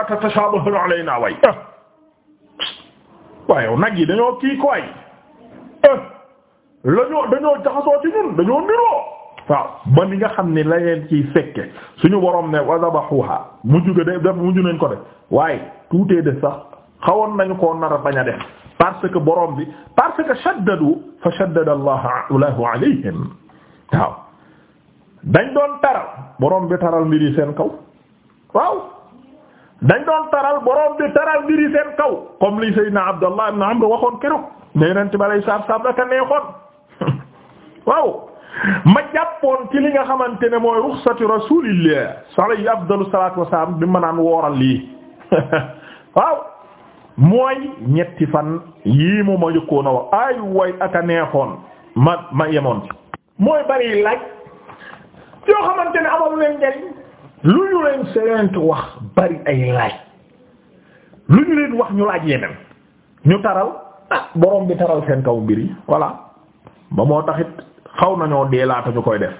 atatashaabahu alaynaa way eh. waaye yow nag yi dañoo kii koy eh. lañoo dañoo jaxasoo ci ñun dañoo niroo waaw ba ni nga xam ne la leen ciy fekke suñu borom ne wa dabahuha mujj ko de def mujj nañ ko def waaye tuutee de sax xawoon nañu ko nar a bañ a def parce que borom bi parce que shaddadu fa shaddada allahu alayhim waaw dañ doon taral borom bi taral mbiri seen kaw waaw dañ doon taral borom bi taral mbiri seen kaw comme li Seydina Abdallah ibn Amr waxoon keroog ne yonent bi alayhi salaatu neexoon waaw ma jàppoon ci li nga xamante ne mooy ruxsatu rasulillah alayhi afdalu salaatu wasalaam bi ma naan wooral lii waaw mooy ñetti fan yii mu ma jëkkoon a wax ay way aka neexoon ma ma yemoon mooy bari laaj yoo xamante ne amul leen njariñ lu ñu leen serent wax bari ay laaj lu ñu leen wax ñu laaj yeneen ñu taral ah borom bi taral seen kaw mbir yi voilà ba moo taxit xaw nañoo dee laata ñu koy def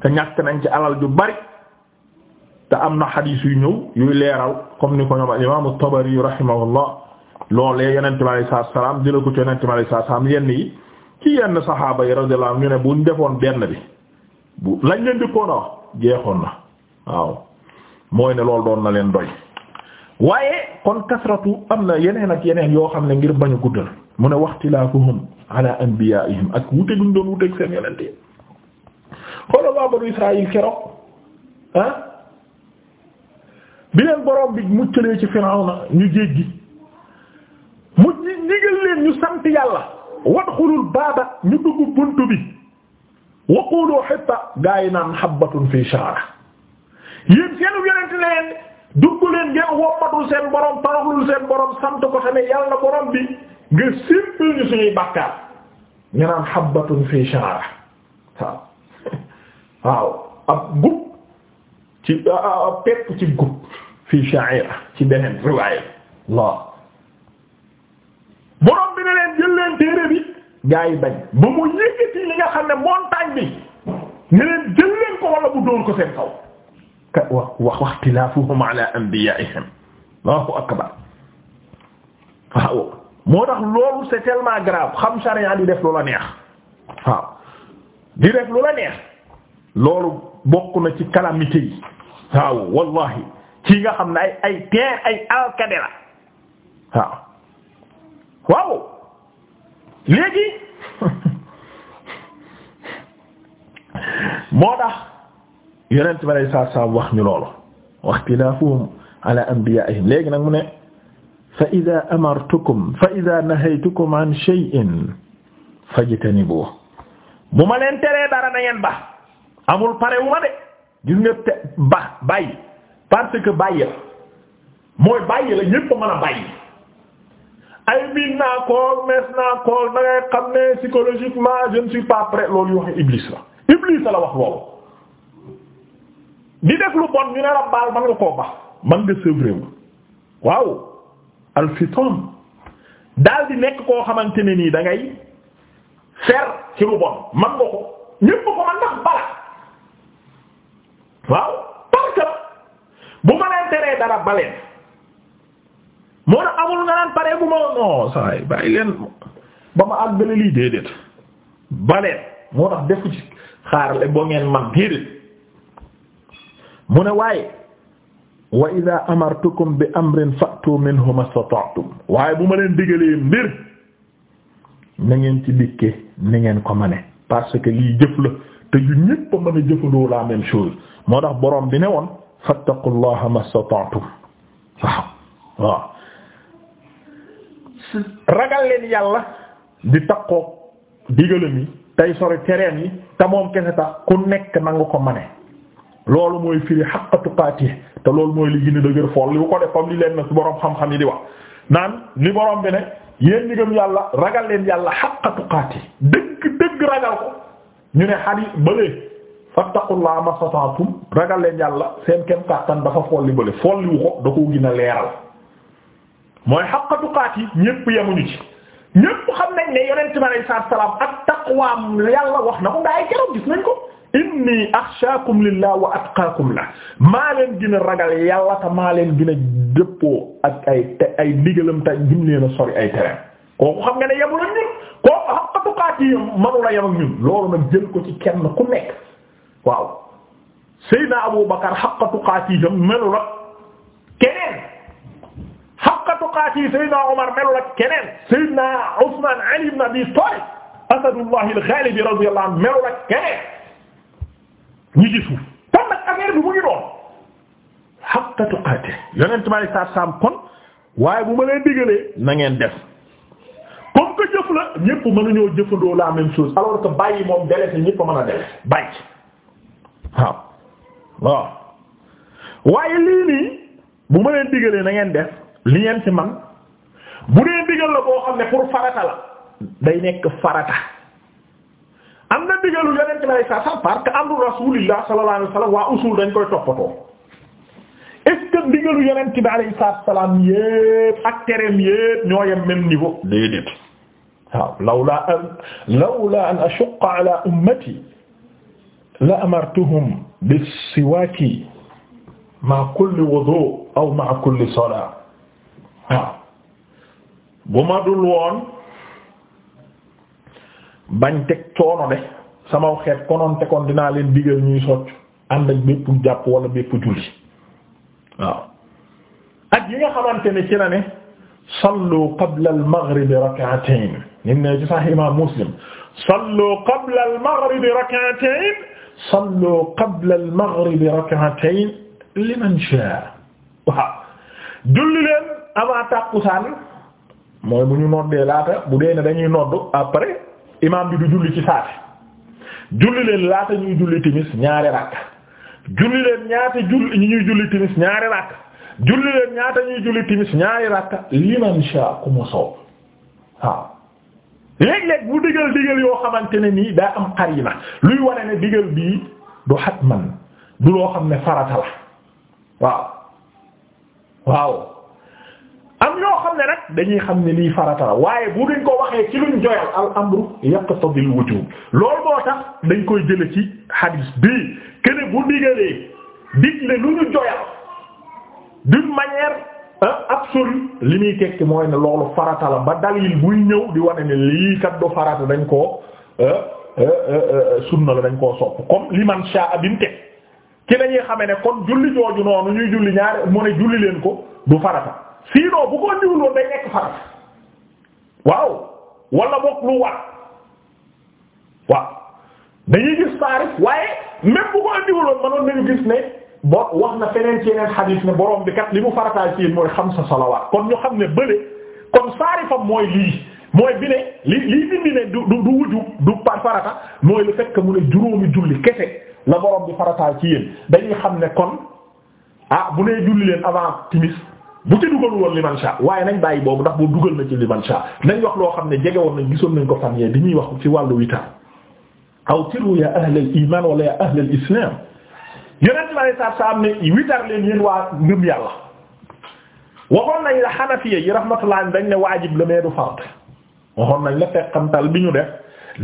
te ñàkk nañ ci alal ju bari te am na xadiis yu ñëw yuy leeral comme ni ko ñoom al imaamu Tabari rahimahullah loolee yonent bi alayhi salaatu wa salaam jëla ko ci yonent bi wa salaam yenn yi ci yenn saxaaba yi radiyallahu ñu ne buñ defoon benn bi bu lañ leen di koona wax jeexoon na waaw mooy ne loolu doon na leen doy waaye kon kasratu am na yeneen ak yeneen yoo xam ne ngir bañu guddal mu ne waxtilaafuhum ala anbiyaa'ihim ak wute guñ doon wuteeg seen yonent yi xoolal waa banu Israaïl keroog ah bi leen borom bi muccalee ci Firawna ñu jéggi mu ñigal leen ñu sant yàlla wadxulul baaba ñu dugg buntu bi wa qulu hitta gaa yi naan habbatun fii shaara yéen seenu yonent leen dugg leen ngeen wommatul seen borom toroxlul seen borom sant ko tamit yàlla borom bi nga simpil ñu suñuy bàkkaar ñu naan xabbatun fii shaara waaw ab gub ci pepp ci gub fii sha'ira ci beneen riwaaya la borom bi ne leen jël leen téere bi gaa yi bañ ba mu yëkkati li nga xam ne montagne bi ne leen jël leen ko wala bu dóor ko seen kaw ka wax wax wax tilaafuhum ala moo tax loolu c'est tellement grave xam sharia di lu di def lu la neex loolu bokk na ci calamité wallahi ci nga xam ne ay ay teer ay alkade la waaw waaw moo tax yonent bi alayhi salaatu salaam wax ñu loolu wa ixtilaafuhum ala léegi nag mu ne fa idaa amartukum fa idaa nahaytukum an shay'in fajtanibuuhu bu ma leen teree dara na ngeen ba amul pare wu ma de gis nga te ba bàyyi parce que mooy bàyyi la ñépp mën a bàyyi ay miin naa kool mees naa kool da ngay ne psychologiquement je ne suis pas prêt loolu yoo xam iblis la iblis la wax loolu di def lu bon ñu ne la baal man nga koo bax man nga sevre waaw alfiton daal di nekk koo xamante ne nii da ngay fer ci lu bon man nga ko ñépp ko man ndax bala waaw parce que bu ma leen teree dara baleen moo na amul nga naan pare bu ma non saay bàyyi leen ba ma àggale lii déedéet baleen moo tax defu ci xaarale boo ngeen man déedéet mu ne waaye wa ida amartukum bi amrin fa'tu minhu mastata'tum waaye bu ma leen digalee mbir na ngeen ci dikke ni ngeen ko mane parce que lii jëf la te ju ñépp a mën jëfandoo la même chose moo tax boroom bi ne woon fattaqullaha mastata'tum waaw waaw ragal leen yàlla di takkook digalam yi tey sori tereem yi te moom kese tax ku nekk na ko mane loolu mooy firi haqqa tuqaati te loolu mooy li gën a dëgër ko def comme li leen na boroom xam-xam yi di wax naan li boroom bi ne yéen ñi yàlla ragal leen yàlla haqqa tuqaati dëgg dëgg ragal ko ñu ne xar yi bële fattaqullaha masataatum ragal leen yàlla seen kem kàttan dafa fool li bële fool liwu ko da koo gën leeral mooy haqqa tuqaati ñépp yemuñu ci ñépp xam nañ ne yonent bi salaam ak yàlla wax na ko gaa yi gis nañ ko. inni axshaakum lillah wa atqaakum la maa leen gën a ragal yàlla te maa leen gën a dëppoo ak ay te ay ndigalam te jim leen a sori ay tereem kooku xam nga ne yemul ak ñun kooku haqqa tuqaatihi manu la yem ak ñun loolu nag jël ko ci kenn ku nekk waaw Seydina Abu Bakar haqqa tuqaatihi melu la keneen haqqa tuqaatihi Seydina Omar melu la keneen Seydina Usmaan Ali ibn Abi Taalib asadullahi al-ghaalib radiyallahu anhu melu la keneen ñi ci suuf kon nag bi mu ngi doon haqqa tuqaati yonent may saat saam kon waaye bu ma leen digalee na ngeen def comme que jëf la ñépp mënuñoo jëfandoo la même chose alors ko bàyyi moom dele si ñépp a mën a dele bàyyi waaw waaye lii nii bu ma leen digalee na ngeen def li ngeen ci man bu dee digal la boo xam ne pour farata la day nekk farata am na digalu yonent bi saa sax parce que amru rasulillah sallallahu alayhi wasallam waa usul dañ koy toppatoo est-ce que digalu yonent bi alayhi salaam yépp ak tereem yépp ñoo yem même niveau. déedéet waaw lawla an lawla an ashqa ala ummati la amartuhum bis-siwaaki ma'a kulli wudu' aw ma'a kulli salaat waaw bu ma dul woon. bañ teg coono de sama xeet konoon te kon dinaa leen digal ñuy socc ànd ak bépp jàpp wala bépp julli waaw ak yi nga xamante ne ci la ne sallu qabla al maghrib rak'atayn nim ne ci sahih imam muslim sallu qabla al maghrib rak'atayn sallu qabla al maghrib rak'atayn liman shaa waaw julli leen avant tàkkusaan mooy bu ñu noddee laata bu dee ne dañuy nodd après imaam bi du julli ci saate julli laata ñuy julli timis ñaari rakk julli ñaata ñuy julli timis ñaari rakk julli leen ñaata ñuy julli mu soob waaw léeg-léeg bu digal digal yoo xamante ne nii daa am qarina luy wane ne digal bii du xatman du loo xam ne farata la waaw waaw am yoo xam ne nag dañuy xam ne lii farata la waaye bu duñ ko waxee ci luñ joyal al amru yaqtadil wujub loolu moo tax dañ koy jële ci hadis bii kene bu digalee digle lu ñu joyal d'une manière absolue li muy tekki mooy ne loolu farata la ba dalil buy ñëw di wane ne lii kat farata dañ koo sunna la dañ koo sopp comme li man sha abim teg ki lañuy xamee ne kon julli jooju noonu ñuy julli ñaari mu ne julli leen ko du farata sinon bu ko ndiwul day nekk farat waaw wala bokk lu war waaw dañuy gis taarif waaye même bu ko ndiwul manoon nañu gis ne bo wax na feneen ci yeneen xadiis ne borom bi kat li mu farataay ci mooy xamsa salawaat kon ñu xam ne bële kon saarifam mooy lii mooy bi ne li lii dindi ne du du wuju du par farata mooy le fait mu ne juróomi julli kese la borom bi farataay ci yéen dañuy xam ne kon ah bu nee julli leen avant timis bu ci dugal woon li waaye nañ bàyyi boobu ndax bu dugal na ci li man sha nañ wax loo xam ne jege woon nañ gisoon nañ ko fan yee bi ñuy wax ci wàllu witar aw tiru ya ahlal iman wala ya ahlal islam yonent ma ne saab sa am ne witar leen yéen waa ngëm yàlla waxoon nañ la xanafiya yi rahmatullah dañ ne waajib la mais du fard waxoon nañ la fekkantal bi ñu def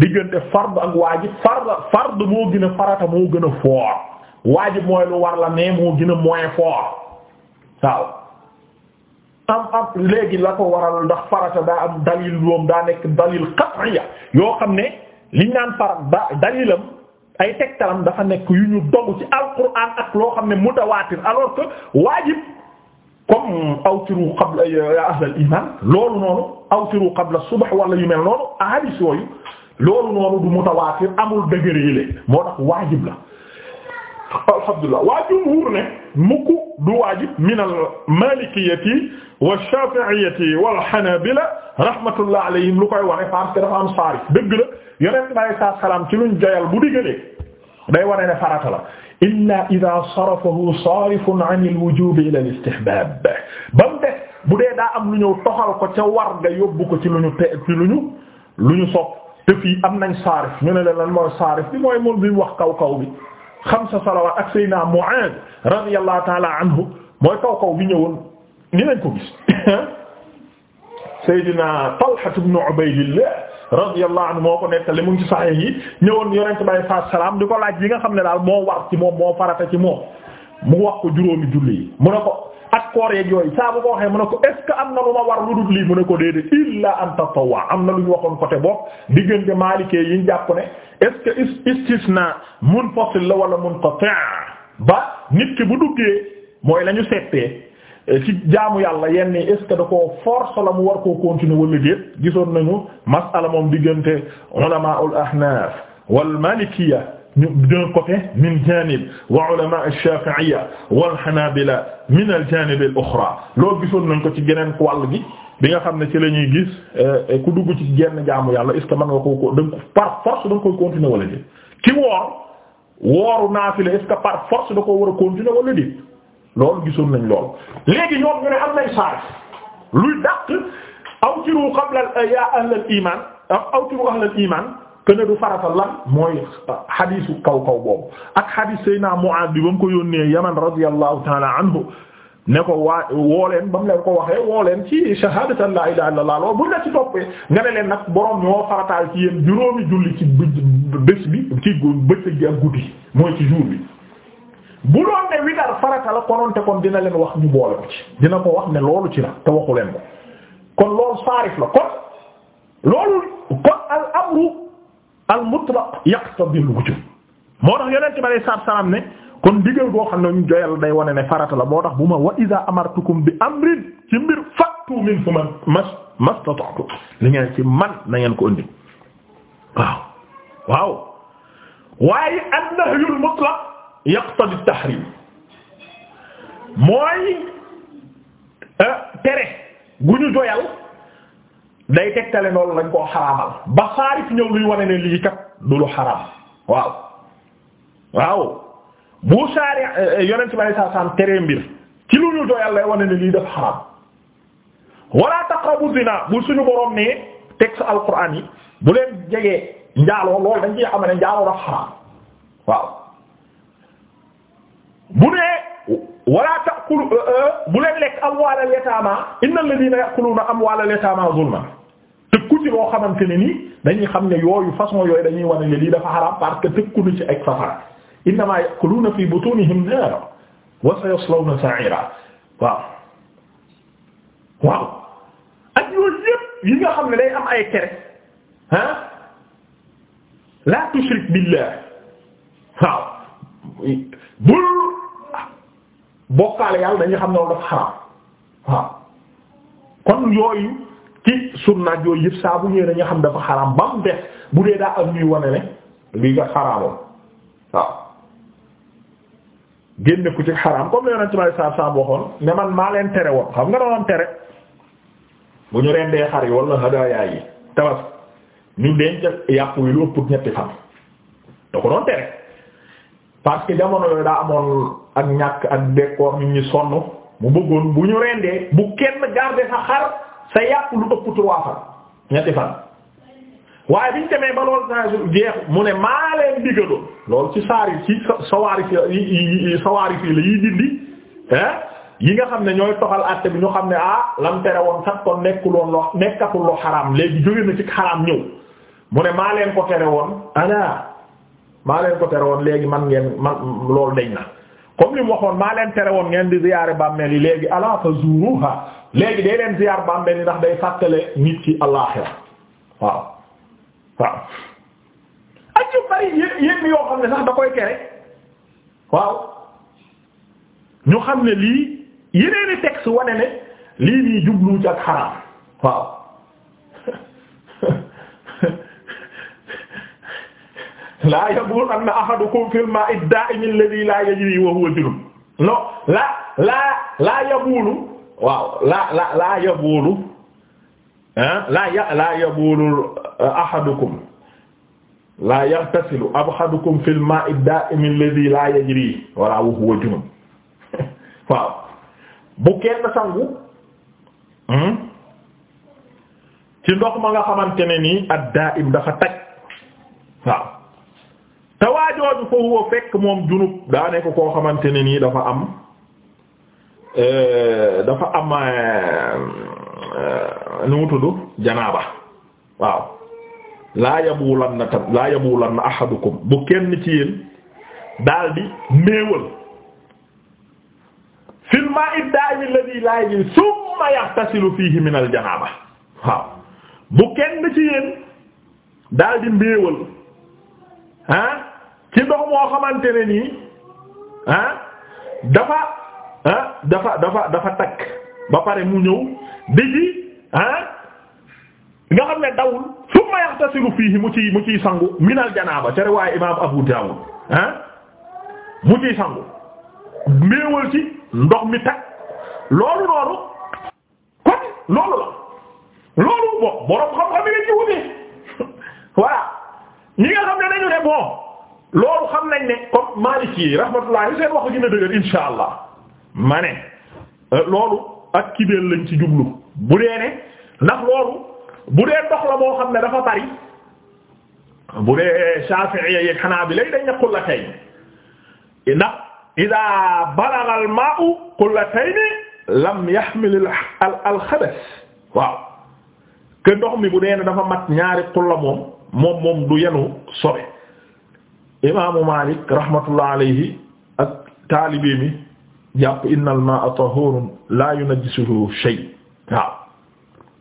diggante fard ak waajib fard fard moo gën a farata moo gën a fort waajib mooy lu la mais moo gën a moins fort am am léegi la ko waral ndax farata daa am dalil moom daa nekk dalil qat'iyya yoo xam ne liñ naan farat ba dalilam ay tegtalam dafa nekk yu ñu dogg ci alquran ak loo xam ne mutawaatir alors que waajib comme awtiru qabla ya ahlal iman loolu noonu awtiru qabla subh wala yu mel noonu ahadis yooyu loolu noonu du mutawaatir amul dëgëre yi moo tax waajib la alhamdulilah waa jumhuur ne mukk du waajib min al malikiyati wa shafi'iyati wal hanabila rahmatullah alayhim lu koy wane parce que dafa am saari dëgg la yonent bi alayhi salaam ci luñ joyal bu diggalee day wane ne farata la illa idha sarafahu sarifun an al wujub ila al istihbab bam def bu dee daa am lu ñëw toxal ko ca war ga yóbbu ko ci lu ñu te ci lu ñu lu ñu sopp te fii am nañ saarif ñu ne leen lan mooy saarif bi mooy moom bi wax kaw kaw bi xamsa salawaat ak Seydina Muaaz radiyallahu ta'ala anhu mooy kaw kaw bi ñëwoon ni lañ ko gis Seydina Talha ibn Ubaydillah radiyallahu anhu moo ko nettali mu ngi ci saxiix yi ñëwoon yonent bi alayhi salaatu salaam di ko laaj yi nga xam ne daal moo war ci moo farata ci moom mu wax ko juróomi julli yi mu ne ko ak koor yeeg yooyu saa bu ko waxee mu ne ko est am na lu ma war lu dul lii mu ne ko déedéet illa an tatawwa am na lu ñu waxoon côté bopp diggante maalikee yi ñu jàpp ne est ce que istisna munfasil la wala munqati' ba nit ki bu duggee mooy lañu ñu settee eh, ci jaamu yàlla yenn est ce que da koo force la mu war koo continuer wala déet gisoon nañu masala moom diggante ulamaul ahnaf wal malikiyya ko côté min janib wa ulama ash-shafi'iyya wal hanabila min al-janib al-ukhra loolu gisoon nañ ko ci geneen wàll gi bi nga xam ne ci la ñuy gis eh, eh, ku dugg ci genn jaamu yàlla est ce que mën nga ko da nga ko par force da nga koy continuer ki woor wooru naafila est ce par force da ko war a continuer wala déet gisoon nañ lool léegi ñoom ñu ne am nañ saar luy dàq awtiru qabla ya ahlal iman awtiru ahlal iman këne du farata lan mooy xadiisu kaw kaw boobu ak xadiis Seydina Muaad bi ba mu ko yónnee Yaman radiyallahu taala anhu ne ko waa woo leen ba mu leen ko waxee woo leen ci shahaadatu an laa ilaaha illallaah loolu buñ la ci toppee nga ne leen nag borom ñoo farataal ci yéen juróomi julli ci bés bi ci bëccëg gi ak guddi mooy ci jour bu doon ne witar farata la kononte kon dina leen wax ñu boole ko ci dina ko wax ne loolu ci la te waxu leen ko kon loolu al mutlaq yaqtadi al wujub moo tax yonent bi alayhi salaatu salaam ne kon digal boo xam ne ñu joyal day wane ne farata la moo tax bu ma wa iza amartukum bi amrin ci mbir fàttu min fu man mas mastata'tu li ngeen ci man na ngeen ko indi waaw waaw waaye an-nahyu al-mutlaq yaqtadi at-tahrim mooy eh, tere gu ñu joyal day tegtale loolu lañ koo xaraamal ba xaarif ñëw luy wane ne lii kat du lu xaraam waaw waaw bu saari eh, yonent bi sallallahu alayhi wasallam tere mbir ci lu ñu doyal lay wane ne lii dafa xaraam wala taqrabu zina bu suñu borom ne texte alquran yi bu leen jegee njaaloo loolu dañ ci xam ne njaaloo dafa xaraam waaw bu nee wala taqulu eh, eh, bu leen lekk amwaalal yataama innal ladina yaquluna amwaalal yataama zulman ci loo xamante ne ni dañuy xam ne yooyu façon yooyu dañuy wane ne lii dafa xaraam parce que tëkkunu ci ak safara innamaa ya'kuluuna fii butuunihim naaran wa sayaslawna sa'iira waaw waaw ak yooyu yépp yi nga xam ne day am ay kere ah la tushrik billah waaw bul bokkaale yàlla dañuy xam ne loolu dafa xaraam waaw kon yooyu ci sunnaat yooyu yëpp saa ñëwee dañu xam dafa xaraam ba mu def bu dee daa am ñuy wane lii nga xaraamoon waaw génne ku ci xaraam comme la yonent leen tere xam nga doon tere bu ñu rendee xar yi wala hadaayaay yi tabas ñu denc yàpp wi lu ëpp ñetti fan da doon tere parce que jamono yooyu daa amoon ak ñàkk ak décor nit ñi sonn mu bëggoon bu ñu rendee bu kenn garder sa xar. sa yàpp lu ëpp trois fan ñetti fan waaye biñ demee ba loolu saa jeexu mu ne maa leen digaloon loolu ci saari ci sawaari fi sawaari fii la yiy dindi ah yi nga xam ne ñooy toxal àtte bi ñu xam ne ah lam tere woon kat kon nekkuloon loo nekkatul loo xaraam léegi jóge ci xaraam ñëw mu ne maa leen ko tere woon ana maa leen ko tere woon léegi man ngeen man loolu deñ na comme li mu waxoon maa leen tere woon ngeen di ziyaare bàmmee yi léegi ala fa zuruha léegi day leen ziar bàmmeel yi ndax day fàttale nit ci àllaxira waaw waaw ak yu bari yéen yoo xam ne sax da koy kere waaw ñu xam ne lii yeneeni texte wane ne lii nii jublu ci ak xaraam waaw laa yabulanna ahadukum fil ma'i ad-da'im alladhi la yajri wa huwa junub non la la la yabulu waaw laa la laa yaboolu laa ya laa yaboolu euh, ahadukum laa yaghtasilu ahadukum fil ma'i da'im laa yajri wala wa huwa junub waaw bu kenn sangu hmm, ci ndox ma nga xamante ne nii ad-da'im dafa taj waaw te waajooju fa huwa fekk moom junub daa nekk koo xamante ne nii dafa am Euh, dafa am euh, euh, nu mu tudd janaaba waaw laa yabulan na tam laa yabulan na bu kenn ci yéen daldi néewal fil ma'i da'im alladhi laa yajid thumma yaghtasilu fihi min al janaaba waaw bu kenn ci yéen daldi néewal ah ci ndox moo xamante ne nii ah dafa Ah dafa dafa dafa takk ba pare mu ñëw digi ah nga xam ne dawul summa yaxtasilu fiihi mu ci mu ciy sangu minal janaaba ca riwaaya imaam Abu Daawud ah mu ciy sangu méewal ci ndox mi takk loolu noonu kon loolu la loolu bo borom xam-xam xam ne dañu ne bon loolu xam nañ ne comme Maliki rahmatullahi seen wax gën a dëgër insha Allah ma ne euh, loolu ak kibeel lañ ci jublu bu dee ne ndax loolu bu dee dox la boo xam ne dafa bari bu dee Shafi'iyya yeeg xanaa bi lay dañ ne qullatayn ndax idaa balagha al-maa'u qullatayn lam yahmil al-khabath waaw ke ndox mi bu dee ne dafa mat ñaari qulla moom moom moom du yenu sobe imaamu Maalik rahmatullah alayhi ak taalibe mi jàpp innal ma'a tahurun la yunajjisuhu shay waaw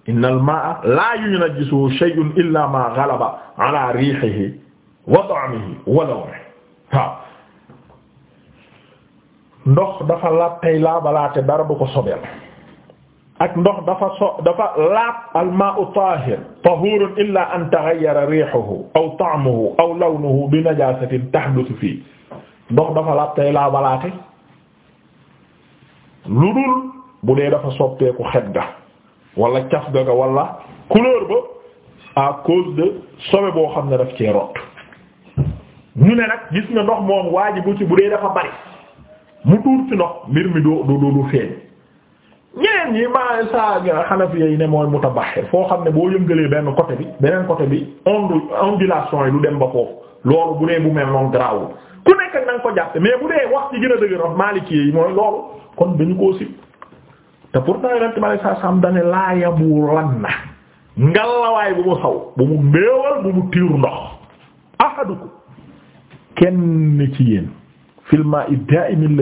innal ma'a la yunajjisuhu shay'un illa ma ghalaba ala rihihi wa ta'mihi wa lawnihi waaw ndox dafa laab tey laabalaate dara du ko sobeel ak ndox dafa so dafa laab al ma'u tahir tahurun illa an taghayyara rihuhu aw ta'muhu aw lawnuhu bi najasatin tahduthu fii ndox dafa laab tey laabalaate lu dul bu dee dafa soppeeku xet ga wala caf ga ga wala couleur ba à cause de sobe boo xam ne daf cee rot ñu ne nag gis nga ndox moom waa ji ci bu dee dafa bari mu tuur ci ndox mbir mi du du du feeñ ñeneen ñi ma sa Hanafi yi ne mooy mutabahhir foo xam ne boo yëngalee benn côté bi beneen côté bi ondu ondulation yi du dem ba foofu loolu bu dee bu mel noonu garaawul ku nekk nag ko jàppe mais bu dee wax ci gën a dëgg Maliki yi mooy loolu kon dañu koo sib te pourtant yonent bi alei saat salaam dane laa yabulanna ngalawaay bu mu saw bu mu mbéewal bu mu tiiru ndox ahadukum kenn ci yéen fil ma'i da'im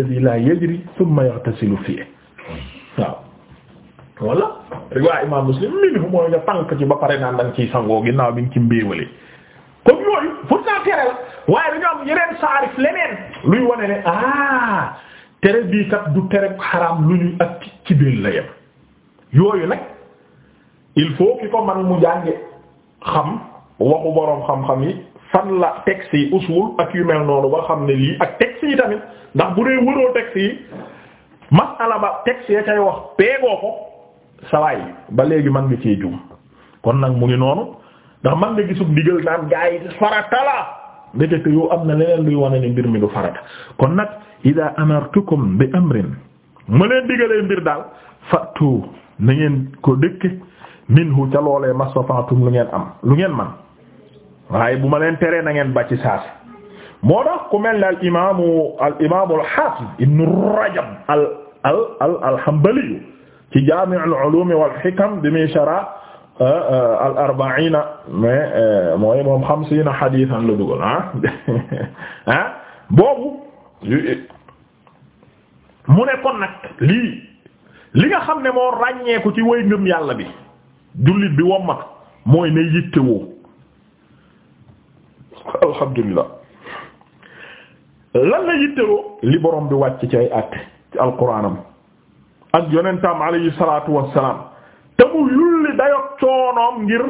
alladhi muslim minhu mooy nga tànk ci ba pare naan dañ ciy sangoo ginnaaw bi nga ci mbéewalee comme yooyu pourtant tere la waaye dañu am yeneen saarif leneen luy wane ne ah tere bii kat du tere xaram lu ñuy ak ci biir la yem yooyu nag il faut ki ko man mu jànge xam waxu boroom xam-xam yi fan la texte yi usul ak yu mel noonu ba xam ne lii ak texte yi tamit ndax bu dee wëroo texte yi masala ba texte ya cay wax peegoo ko sawaay ba léegi man nga cee juum kon nag mu ngi noonu ndax man nga gisub digal naan gaa yi farata la ndekete yoo am na leneen luy wane ne mbir mi du farata kon nag ida amartukum bi amrin ma leen digalee mbir daal fatu na ngeen ko dëkke minhu ca loolee mastafatum lu ngeen am lu ngeen man waaye bu ma leen teree na ngeen bàcci saasi moo tax ku mel ne al imaamu al imaamu al hafiz ibnu rajab al al al al hanbali ci jaami' al ulum wal hikam bi muy shara euh, euh, al arbaina mais euh, mooy moom xamsiina hadiisan la dugal ah ah boobu Eh. mu ne kon nag lii li nga xam ne moo ràññeeku ci way ngëm yàlla bi jullit bi wommat mooy ne yittewoo alhamdulillah lan la yittewoo li borom bi wàcc ci ay ci alquranam ak yonentam alayhi salaatu wassalaam te mu yulli dayok coonoom ngir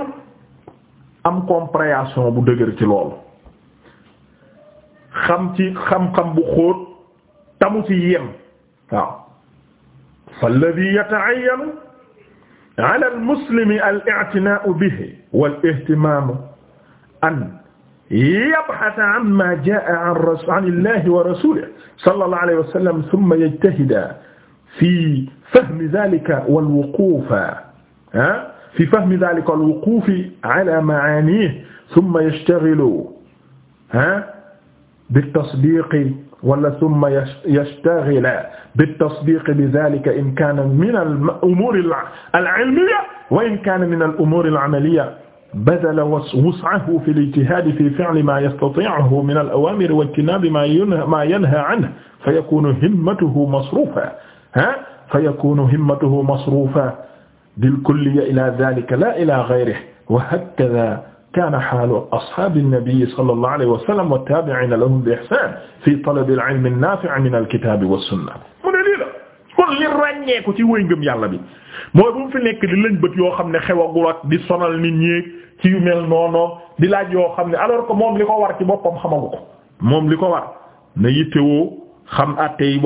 am compréhension bu dëgër ci loolu xam ci xam-xam bu xóot tamu ci yem waaw falladi yata'ayyanu ala almuslimi al-i'tina'u bihi wal-ihtimamu an yabhasa amma jaa'a an illahi wa rasulihi sallallahu alayhi wa sallam thumma yajtahida fi fahmi dhalika wal-wuqufa fi fahmi dhalika wal-wuqufi ala ma'anihi thumma yashtaghilu ha bitasdiqi wala summa yastaghila bitasdiqi bidhalika in kana min al-umur al-ilmiya wa in kana min al-umur al-amaliya badala wus'ahu fi al-ijtihad fi fi'li ma yastati'uhu min al-awamir wa ijtinabi ma yanha anhu fayakunu himmatuhu masrufa ha fayakunu himmatuhu masrufa lil-kulliya ila dhalika la ila ghayrihi wa hakadha kaana xaalu asxaabi nabi sallallahu alayhi wa sallam wa taabi'iina lahum bi ihsaan fii talabil ilmi naafi'i minal kitaabi wa ci wéy ngëm yàlla bi mooy bu mu di lëñbët yoo xam ne xewagul ak di sonal di laaj yoo xam ne alors ko war ci boppam xamagu ko moom li ko war na yittewoo xam àtte ci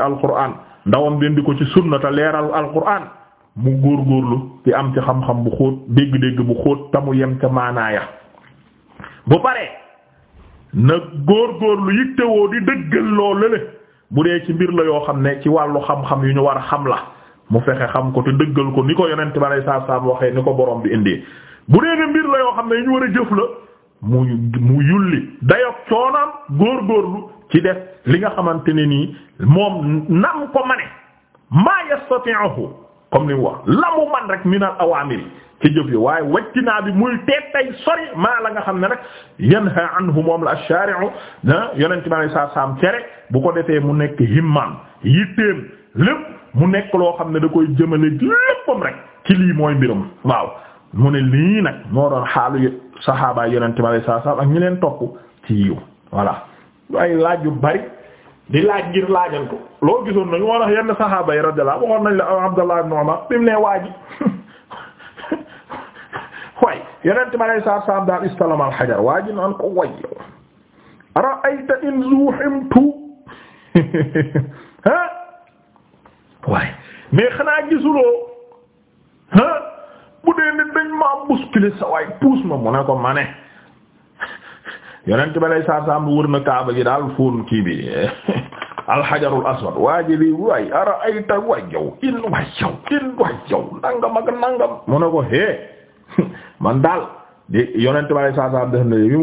alquraan ndawam dindi ko ci sunna te leeral alquraan mu góorgóorlu ci am ci xam-xam bu xóot dégg-dégg bu xóot tamu yem ca maanaaya bu paree na góorgóorlu yittewoo di dëggal loolu le bu dee ci mbir la yoo xam ne ci wàllu xam-xam yu ñu war a xam la mu fexe xam ko te dëggal ko ni ko yonent ba lay saa saa waxee ni ko boroom bi indi bu dee ne mbir la yoo xam ne yu ñu war a jëf la mu mu yulli dayok coonaam góorgóorlu ci def li nga xamante ne nii moom nam ko mane maa yastati'uhu comme li mu wax la mu man rek minal awaamil ci jëf yi waaye wajtinaa bi muy teet sori maa la nga xam ne nag yanha anhu moom la ash-shari'u ah yonent bi alei saatu cere bu ko defee mu nekk himman yitteem lépp mu nekk loo xam ne da koy jëmale léppam rek ci lii mooy mbirum waaw mu ne lii nag moo doon xaalu saxaabaay yonent bi alei saatu salaam ak ñi leen topp ci yiw voilà ay laaj yu bari di laaj ngir laajal ko loolu gisoon nañu moo tax yenn saxaaba yi radiyallahu waxoon nañ la Abdallah ibn Umar bi mu nee waaji way yonent ma lay saar saam daal istalama al xajar ha waaye mais xanaa ha bu dee nit dañ ma bousculer sa puus ma mu ne ko yonent ba lay saa saa wër na kaaba gi daal fóon kii bi alxajarul aswad waa ji lii ara ay ta yow in waay yow in waay yow nangam ak nangam mu ne ko hee man daal di yonent ko bi lay saa salaam daal di may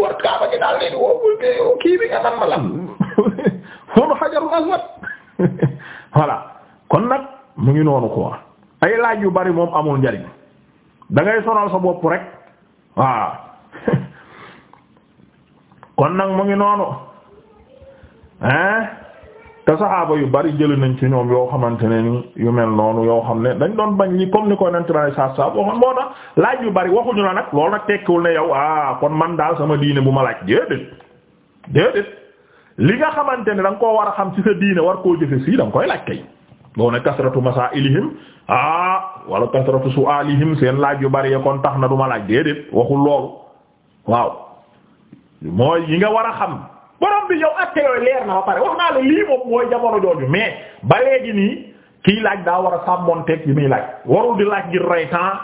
wër kaaba gi daal di woo nga nan ma lan noonu xajarul aswad voilà kon nag mu ngi noonu quoi ay laaj yu bari moom amul njariñ dangay ngay sonal sa bopp rek waaw kon nag mu ngi noonu hein te saxaaba yu bari jëli nañ ci ñoom yoo xamante ne ni yu mel noonu yoo xam ne dañ doon bañ li comme ni ko nent na saab saab waxoon moo tax laaj yu bari waxuñu la nag loolu nag tekkiwul ne yow ah kon man daal sama diine bu ma laaj déedéet déedéet li nga xamante ne danga koo war a xam ci sa diine war koo jëfe si da nga koy laaj kay boo ne kasratu masaa'ilihim ah wala kasratu su'aalihim seen laaj yu bari ya kon tax na du ma laaj déedéet waxul loolu waaw mooy yi nga war a xam borom bi yow atte yooyu leer na ba pare wax naa la lii moom mooy jamono jooju mais ba léegi nii kii laaj daa war a sàmmonteeg yi muy laaj warul di laaj ngir rey temps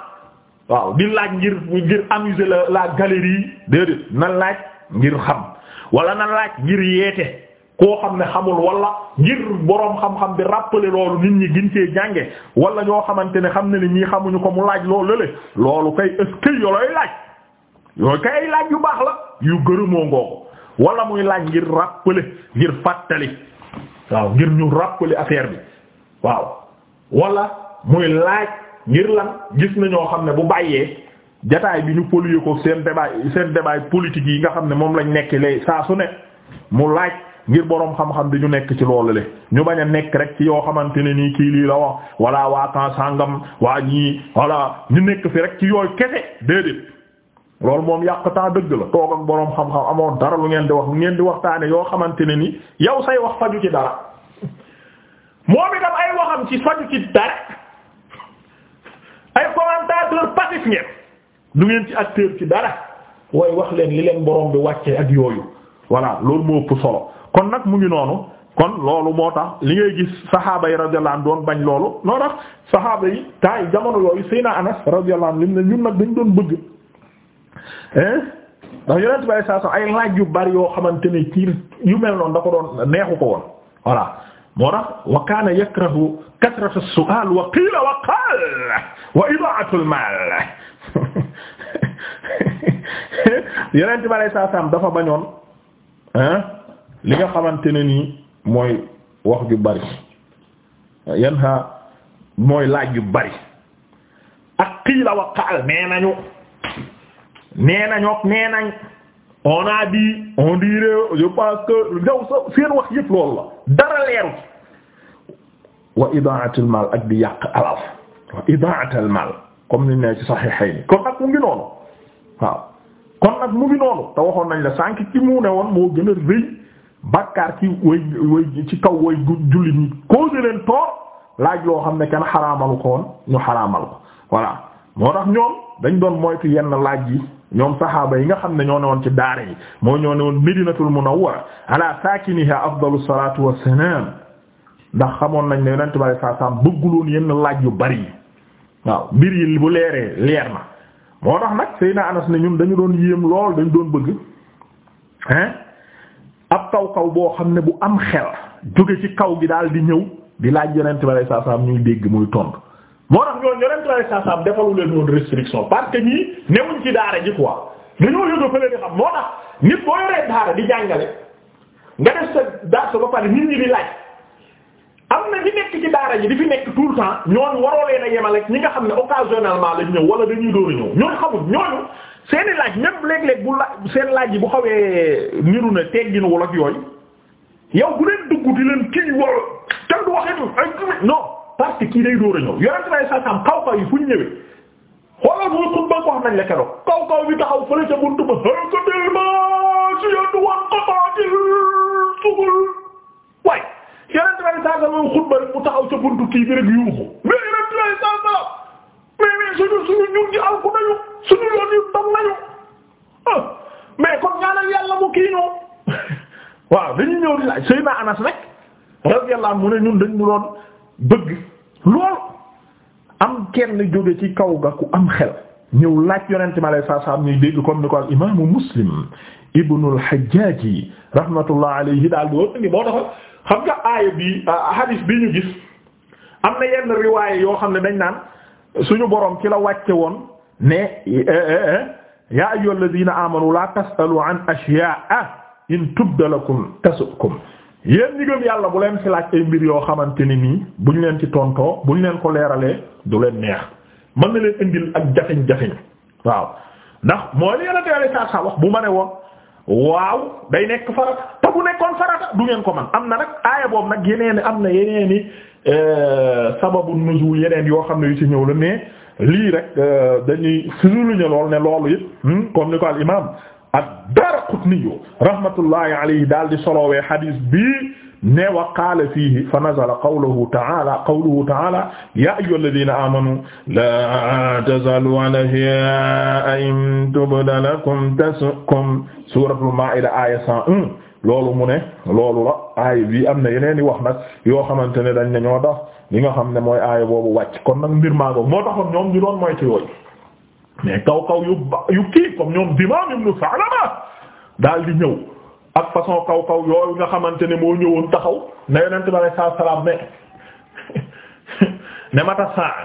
waaw di laaj ngir ngir amuser la la galerie déedéet na laaj ngir xam wala na laaj ngir yeete koo xam ne xamul wala ngir boroom xam-xam bi rappeler loolu nit ñi gin jànge wala ñoo xamante ne xam ne ni ñii xamuñu ko mu laaj loolu lële loolu kay est-ce que laaj yooyu kay laaj yu baax la yu gërëmoo ngoo ko wala muy laaj ngir rappeler ngir fàttali waaw ngir ñu rappeler affaire bi waaw wala muy laaj ngir lan gis na ñoo xam ne bu bàyyee jataay bi ñu pollué ko seen débat seen débat politique yi nga xam ne moom lañ nekk léegi saa su ne mu laaj ngir boroom xam-xam di ñu nekk ci loolu le ñu bañ a nekk rek ci yoo xamante ne nii kii lii la wax sàngam waa ñii walla ñu nekk fi rek ci yooyu kese déedéet. loolu moom yàq temps dëgg la toog ak boroom xam-xam amoon dara lu ngeen di wax lu ngeen di waxtaane yoo xamante ne ni yow say wax faju ci dara moom itam ay waxam ci faju ci dara ay commentateur passif ngeen. du ngeen ci acteur ci dara waaye wax leen li leen borom bi wàccee ak yooyu voilà loolu moo ëpp solo kon nag mu ngi noonu kon loolu moo tax li ngay gis saxaaba yi radiyallahu anhu doon bañ loolu noo tax saxaaba yi temps yi jamono yooyu Seydina Anas radiyallahu anhu lim ne ñun nag dañ doon bëgg ndax yonent bi saa sax ay laaj yu bari yoo xamante ne ci yu mel noonu da ko doon neexu ko woon voilà moo tax wa kaana yakrahu kasrata as-su'al wa qiila wa qaal wa yonent bi alayhi salaam dafa bañoon li nga xamante ne nii mooy wax ju bari yan ha mooy laaj yu bari ak qiila wa qaal nee nañu nee nañook nee nañ on a on dirait je pense que yow wax yëpp loolu dara leeru wa idaatul mal ak di yàq alal wa idaatul mal comme ni ne ci saxiixayni kon nag mu ngi waaw kon nag mu ngi noonu te waxoon nañ la sànq ki mu ne woon moo gën a rëy bàkkaar ci way way ci kaw way jullit ñi cause leen toor laaj loo xam ne kenn xaraamalu ko woon ñu xaraamal ko voilà moo tax ñoom dañ doon moytu yenn laaj yi ñoom saxaaba yi nga xam ne ñoo ne woon ci daara yi moo ñoo ne woon medinatul munawwara ala saakiniha afdalu salaatu wassalaam ndax xamoon nañ ne yonent bi sallallahu alayhi bëgguloon yenn laaj yu bari yi waaw mbir yi bu leeree moo tax nag na Anas ne ñun dañu doon yéem lool dañu doon bëgg hein ab kaw kaw boo xam ne bu am xel jóge ci kaw gi daal di ñëw di laaj yonent ba lay saasaam ñuy dégg muy tontu moo tax ñooñu yonent ba lay saasaam defalu leen woon restriction parce que ñii newuñ ci daara ji quoi dañoo yëngu fële di xam moo tax nit boo yoree daara di jàngale nga def sa daara ba pare nit ñi di laaj. xam ne ñi nekk ci daara ji di fi nekk tout le temps ñooñu waroo leen a yemal ak ñi nga xam ne occasionnellement lañ ñëw wala dañuy dóor a ñëw ñooñu xamul ñooñu seeni laaj même léeg-léeg bu la seen laaj yi bu xawee niru na teggin wala ak yooyu yow bu leen dugg di leen kii wala kenn du waxeetu ay non parce que kii day dóor a ñëw yorante nay sa sam kaw kaw yi fu ñu ñëwee xoolal mooy xutba ko wax nañ la keroog kaw yeneen tamit saa sama xutba rek mu taxaw ca buntu kii bi rek yuuxu mais yeneen tamit saa sama mais mais suñu suñu ñun ñu aw ku nañu suñu yoon yu dog ah, kon ñaanal yàlla mu kii ñoo waaw dañuy ñëw di laaj Anas rek radiyallahu anhu mu ne ñun dañ mu bëgg lool am kenn jóge ci kaw ga am xel ñëw laaj yonent mi alayhi salaam ñuy dégg comme ni ko al imaamu Muslim ibnul Hajjaaji rahmatullah alayhi daal di wër indi boo xam nga aaya bi ah, hadith bi ñu gis am na yenn riwaay yoo xam ne dañ naan suñu borom ci la wàcce woon ne eh, eh, eh, yaa ayyuhal ladina amanu la tasalu an ashya'a in tubda lakum tasukum yéen ñi gëm yàlla bu leen ci laaj mbir yoo xamante ni nii bu ñu leen ci tontoo buñ leen ko leeralee du leen neex mën na leen indil ak jafeñ jafeñ waaw ndax mooy li yàlla teewale saa saa wax bu ma ne woon waaw day nekk farata te bu nekkoon farata du ngeen ko man am na nag aaya boobu nag yeneen am na yeneeni euh, sababu nuzul yeneen yoo xam ne yu ci ñëw la ne lii rek euh, dañuy souligner lool ne loolu it hmm, comme ni ko al imam ad-Daraqutni rahmatullahi alayhi daal di solowee hadis bi ne wa qaala fiihi fa nazala qawluhu ta'ala qawluhu ta'ala yaa la ladiina aamanu laa tazalu ahyaa'an in tubda lakum tasu'kum suuratul maa'ida aaya 101 loolu mu ne loolu la aaya bi am na yeneen i wax nag yoo xamante ne dañ ne ñoo tax li nga xam ne mooy aaya boobu wàcc kon nag mbir maa moo taxoon ñoom ñu doon moytu yooyu mais kaw daal di ñëw. ak façon kaw kaw yooyu nga xamante ne moo ñëwoon taxaw na yonent bi alayhi salaam ne ne ma tax saa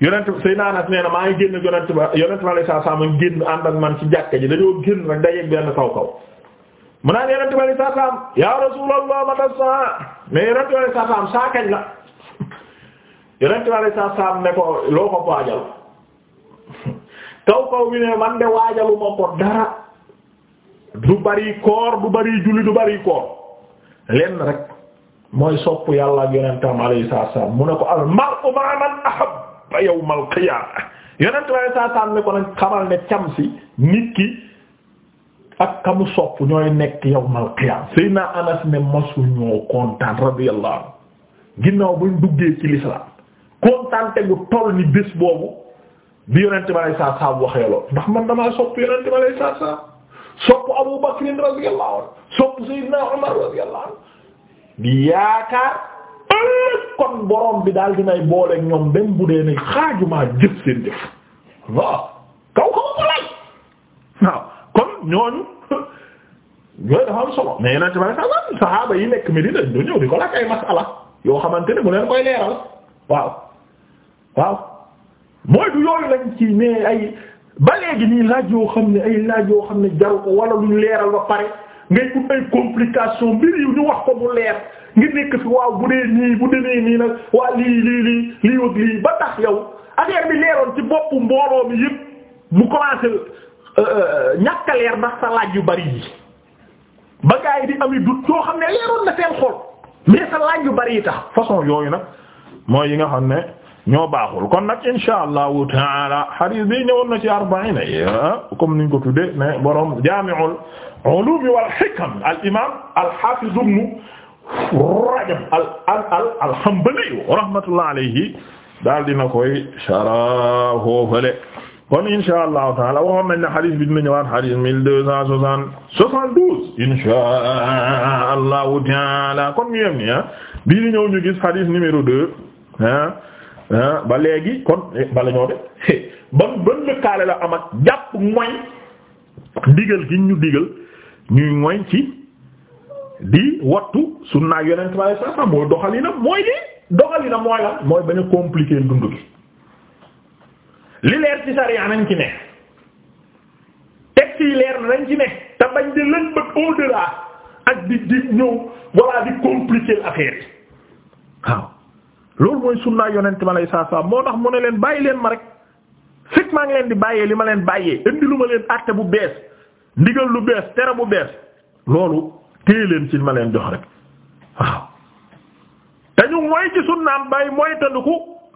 yonent Seydina Anas maa ngi génn yonent bi yonent bi alayhi salaam ak génn ànd man ci jàkka ji dañoo génn rek dajeeg benn kaw kaw. mu naan yonent bi alayhi salaam ya Rasuulallah ma tax saa mais yonent salaam saa kañ la yonent bi alayhi salaam ne ko loo ko waajal kaw kaw bi ne man de waajalu ma ko dara. du bari koor du bari julli du bari koor lenn rek mooy sopp yàlla ak yonentam alayhi salaam mu ne ko al mar'u ma'a man ahabba yawm al qiyaamah yonentam alayhi ne ko nag xamal ne cam si nit ki ak kamu sopp ñooy nekk yow al qiyaamah Seydina Anas ne masu ñoo kontaan radiyallahu ginnaaw buñ duggee ci lislaam kontaan te toll ni bés boobu bi yonentam alayhi salaam waxee lool ndax man damaa sopp yonentam alayhi salaam sopp Abu Bakr radiyallahu anhu sopp Seydina Umar radiyallahu anhu di yaakaar ëllëg kon borom bi daal dinay booleeg ñoom benn bu dee ne xaajumaa jëf seen jëf waaw kaw kaw lay waaw kon ñooñu ñooy dafa am solo mais yeneen tamit sax saxaaba yi nekk Medina ñu ñëw di ko laaj ay masala yoo xamante ne mu leen koy leeral waaw waaw mooy du yooyu lañ ci ne ay. ba léegi nii laaj yoo xam ne ay laaj yoo xam ne jaru ko wala luñ leeral ba pare ngay ut ay complication mbir yu ñu wax ko mu leer nga nekk fi waaw bu dee nii bu demee nii nag waa lii lii lii lii ba tax yow affaire bi leeroon ci boppu mbooloo mi yëpp mu commencé euh, euh, ñàkk a leer ndax sa laaj yu bari yi ba gaa yi di am i dut yoo xam ne leeroon na seen xol mais sa laaj yu bari yi tax façon yooyu nag mooy yi nga xam ne ñoo baaxul kon nag insha allahu taala hadith bi ñëwoon na ci arbaina ya comme niñ ko tudde ne borom jaami'ul ulum wal hikam al imam al hafiz ibn rajab al al al hanbali rahmatullah alayhi daal dina koy shara hoofale kon insha allahu taala waxoon nañ ne hadith bi dina ñëwaat hadith mille deux cent soixante soixante-douze insha allahu taala kon ñu yem ni ah bii di ñëw ñu gis hadith numéro deux ah ba léegi kon eh, bala ñoo de ban ban lëkkaale la am ak jàpp mooy digal gi ñu digal ñuy mooy ci di wattu sunna yonent bi alayhi salaam mooy doxalinam mooy lii doxalinam mooy lan mooy bañ a compliquer dund gi li leer ci sariya nañ ci ne texte yi leer nañ ci ne te bañ di lën bët au ak di di ñëw walla di compliquer l'affaire yi loolu mooy sunnaay yonent ma lay saa saa moo tax mu ne leen bàyyi leen ma rek fekk maa ngi leen di bàyyee li ma leen bàyyee indi lu ma leen àtte bu bees ndigal lu bees tere bu bees loolu téye leen ci ma leen jox rek waaw te ñu mooy ci sunnaam bàyyi mooy tëndiku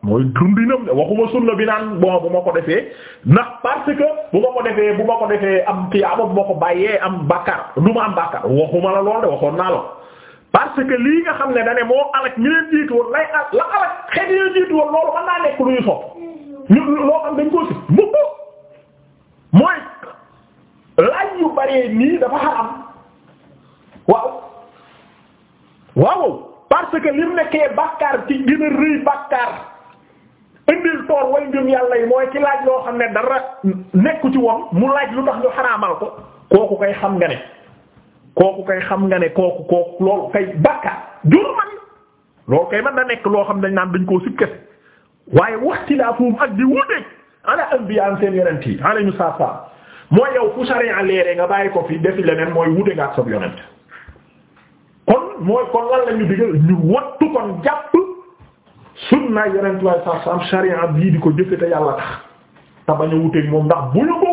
mooy dundinam waxuma sunna bi naan bon bu ma ko defee ndax parce bu ma ko defee bu ma ko defee am tiyaaba bu ma ko bàyyee am bàkkar du ma am bàkkar waxuma la lool de waxoon naa la parce que lii nga xam ne da moo alak ñi leen jiitu woon lay al la alak xeet yi leen jiitu woon loolu mën xam dañ ko ci mukk mooy laaj yu bëree nii dafa xaram waaw waaw parce que lim nekkee bàkkaar ci gën a rëy bàkkaar indil toor way ngëm yàlla yi mooy ci laaj loo xam ne dara nekku ci woon mu laaj lu tax ñu xaraamal ko kooku koy xam nga ne kooku kay xam nga ne kooku kooku loolu kay bàkkaar jur man loolu kay man na nekk loo xam dañ naan dañ koo sikkat waaye waxtilaafuum ak di wuteeg ala anbiya seen yonent yi alayhi salaam mooy yow fu sariya nga bàyyi ko fi defi leneen mooy wute nga ak sab yonent kon mooy kon lan la ñu digal ñu wattu kon jàpp sunna yonent waaye salaam sariya bii di ko jëfe te yàlla tax te bañ a wuteeg moom ndax bu ñu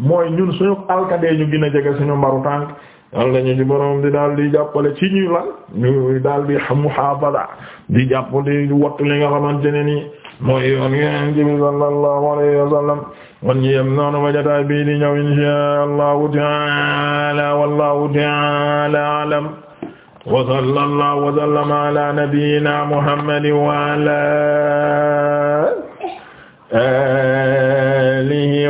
mooy ñun suñu alkadee ñu gën a jege suñu mbaru tànk yal nañu di daal di jàppale ci ñu la ñu daal di muhaafada di jàpp di wattu li nga xamante ne nii mooy yoon yonent bi sallallahu alayhi wa sallam Allahu ta'ala wallahu ta'ala a'lam wa sallallahu wa sallama ala nabiyyina